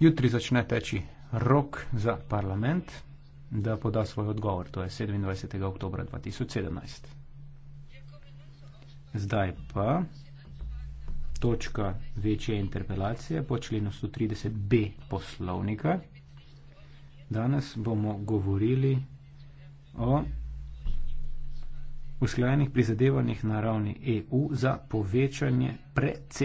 Jutri začne teči rok za parlament, da poda svoj odgovor, to je 27. oktober 2017. Zdaj pa točka večje interpelacije po členu 130b poslovnika. Danes bomo govorili o usklajenih prizadevanjih na ravni EU za povečanje prece.